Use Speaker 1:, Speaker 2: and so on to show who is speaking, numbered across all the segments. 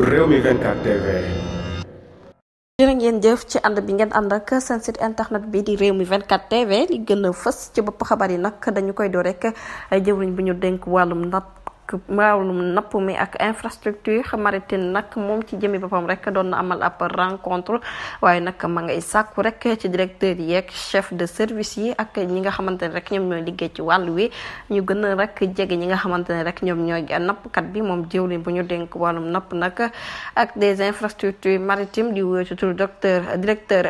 Speaker 1: réew mi 24 TV. jërë ngeen jëf ci ànd bi ngeen ànd ak internet bi di réew mi 24 TV li gën a fës ci bopp xabar yi nag dañu koy door rek jëwriñ bu ñu denk wàllum napp. wàllum napp mi ak infrastructure maritime nag moom ci jëmi boppam rek doon na amal ab rencontre waaye nag ma ngay sàkku rek ci directeur yi chef de service yi ak ñi nga xamante ne rek ñoom ñooy liggéey ci wàll wi ñu gën a rek jege ñi nga xamante ne rek ñoom ñooy nappkat bi moom jëwlin bu ñu dénk wàllum napp ak des infrastructures maritime di wuyoo ci turu docteur directeur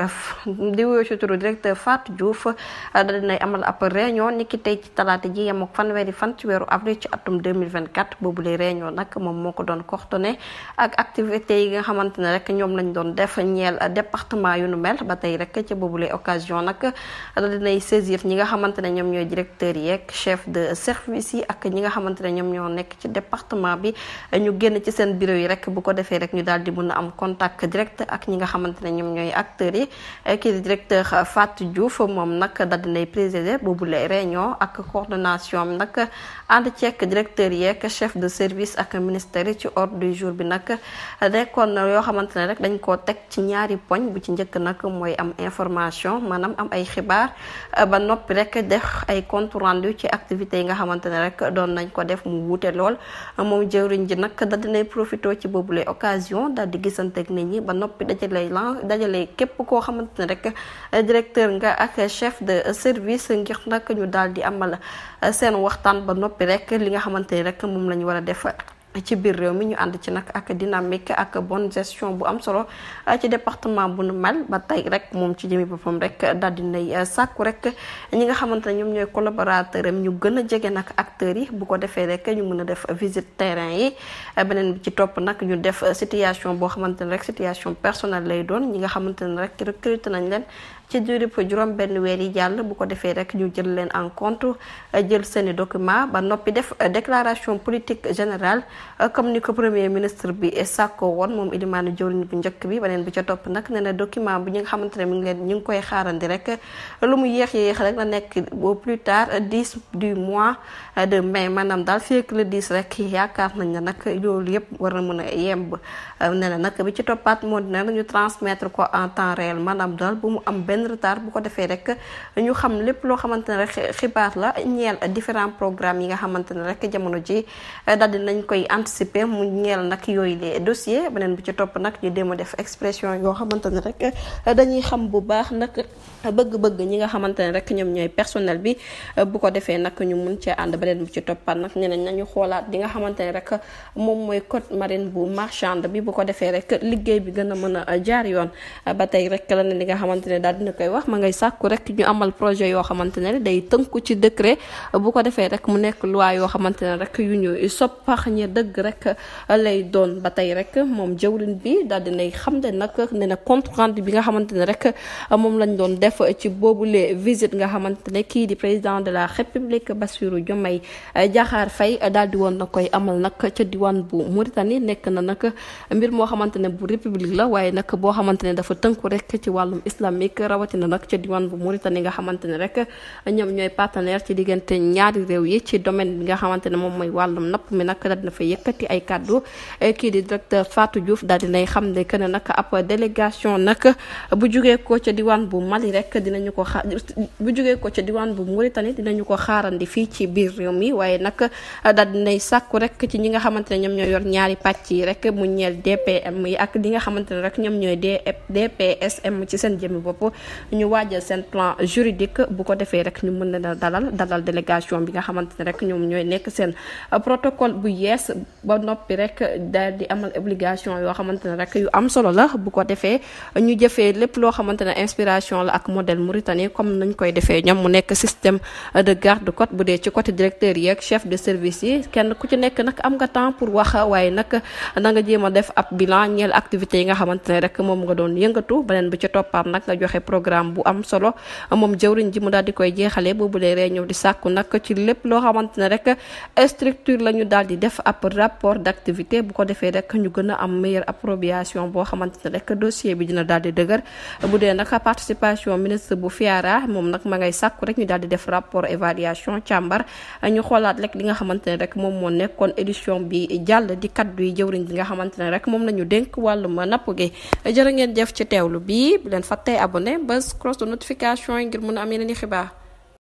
Speaker 1: di wuyoo ci turu directeur Fatou Diouf dal dinay amal ab réunion niki tey ci talaata ji yem ak fan ci weeru avril ci atum 2024 2024 boobu lay réunion nag moom moo ko doon coordonné ak activités yi nga xamante ne rek ñoom lañ doon def ñeel département yu nu mel ba tey rek ca boobu lay occasion nag dinay saisir ñi nga xamante ne ñoom ñooy directeurs yi ak chef de service yi ak nga xamante ne ñoom ñoo nekk ci département bi génn ci seen bureau yi rek bu ko defee rek ñu daal di mën a am contact direct ak ñi nga xamante ne ñoom ñooy acteurs yi kii di directeur Fatou Diouf moom nag daal dinay présider boobu lay réunion ak coordination nag ànd ceek directeur yeeg nekk chef de service ak ministère yi ci ordre du jour bi nag nekkoon na yoo xamante ne rek dañ koo teg ci ñaari poñ bu ci njëkk nag mooy am information maanaam am ay xibaar euh, ba noppi rek def ay compte rendu ci activités yi nga xamante ne rek doon nañ ko def mu wuute lool moom jëwriñ ji nag da dinay profité ci boobu boobule occasion daal di gisanteeg nit ñi ba noppi dajalay lan dajalay képp koo xamante ne rek directeur nga ak chef de service ngir nag ñu daal di amal euh, rek moom la ñu war a def ci biir réew mi ñu ànd ci nag ak dynamique ak bonne gestion bu am solo ci département bu nu mel ba tey rek moom ci jëmi boppam rek daal di nay sàkku rek ñi nga xamante ne ñoom ñooy collaborateur am ñu gën a jege nag acteurs yi bu ko defee rek ñu mën a def visit terrain yi beneen bi ci topp nag ñu def situation boo xamante ne rek situation personnelle lay doon ñi nga xamante ne rek recruté nañ leen ci diirub juróom benn weer yi jàll bu ko defee rek ñu jël leen en compte euh, jël seeni document ba noppi def euh, déclaration politique générale euh, comme ni ko premier ministre bi sàkko woon moom ilimaanu jëwriñ bu njëkk bi beneen bi ca topp nag nee na document bi ñi nga xamante ne mi ngi leen ñu ngi koy xaarandi rek lu mu yéex yéex rek la nekk au plus tard 10 du mois de mai maanaam daal fii ak le yaakaar nañ ne nag loolu yëpp war na mën a yemb nee na nag bi ci toppaat moo dina ñu transmettre ko en temps réel maanaam daal bu mu am benn benn retard bu ko defee rek ñu xam lépp loo xamante ne rek xibaar la ñeel différents programmes yi nga xamante ne rek jamono ji daal dinañ koy anticiper mu ñeel nag yooyu les dossiers beneen bu ci topp nag ñu dem def expression yoo xamante ne rek dañuy xam bu baax nag bëgg-bëgg ñi nga xamante ne rek ñoom ñooy personnel bi bu ko defee nag ñu mun ci ànd beneen bu ci toppat nag ñeneen nañu xoolaat di nga xamante ne rek moom mooy code marine bu marchande bi bu ko defee rek liggéey bi gën a mën a jaar yoon ba tey rek la li nga xamante ne daal dina la koy wax ma ngay sàkku rek ñu amal projet yoo xamante ne day tënku ci décret bu ko defee rek mu nekk loi yoo xamante ne rek yu ñu soppax ñi dëgg rek uh, lay doon ba tey rek moom jëwriñ bi daal dinay xam ne nag ne na compte bi nga xamante ne rek uh, moom lañ doon def ci boobu le visite nga xamante ne kii di président de la république Bassirou Diomaye uh, Diakhar Faye daal di woon na koy amal nag ca diwaan bu Mauritanie nekk na nag mbir moo xamante bu république la waaye nag boo xamante dafa tënku rek ci wàllum islamique rawatina nag ca diwaan bu Mauritanie nga xamante ne rek ñoom ñooy partenaire ci diggante ñaari réew yi ci domaine bi nga xamante ne moom wàllum napp mi nag daal dina fa yëkkati ay kàddu kii di directeur Fatou Diouf daal dinay xam ne que ne nag ab délégation nag bu jugee ko ca diwaan bu Mali rek dinañu ko bu jugee ko ca diwaan bu Mauritanie dinañu ko xaarandi fii ci biir réew mi waaye nag daal dinay sàkku rek ci ñi nga xamante ne ñoom ñooy yor ñaari pàcc yi rek mu ñeel DPM yi ak li nga xamante ne rek ñoom ñooy DPSM ci seen jëmmi bopp ñu waajal seen plan juridique bu ko defee rek ñu mën na dalal dalal délégation bi nga xamante ne rek ñoom ñooy nekk seen protocole bu yees ba noppi rek daal di amal obligation yoo xamante ne rek yu am solo la bu ko defee ñu jëfee lépp loo xamante ne inspiration la ak modèle mauritanien comme nañ koy defee ñoom mu nekk système de garde bu dee ci côté directeur yi ak de service yi kenn ku ci nekk nag am nga temps pour wax waaye nag na nga jéem a def ab bilan ñeel activités yi nga xamante ne rek moom nga doon yëngatu beneen bu ci toppaat nag nga joxe program bu am solo moom jëwriñ ji mu daal di koy jeexale boobu lay réunion di sàkku nag ci lépp loo xamante rek structure la ñu di def ab rapport d' bu ko defee rek ñu gën a am meilleure appropriation boo xamante ne rek dossier bi dina daal di dëgër bu dee nag participation ministre bu fiara moom nag ma ngay sàkku rek ñu daal di def rapport évaluation càmbar ñu xoolaat rek li nga xamante ne rek moom moo nekkoon édition bi jàll di kaddu yi jëwriñ nga xamante ne rek moom la ñu dénk wàllum napp gi jërë ngeen jëf ci teewlu bi bu leen fàttee abonné بس كروس النوتيفيكاسيون يجرمون أمين اللي خباه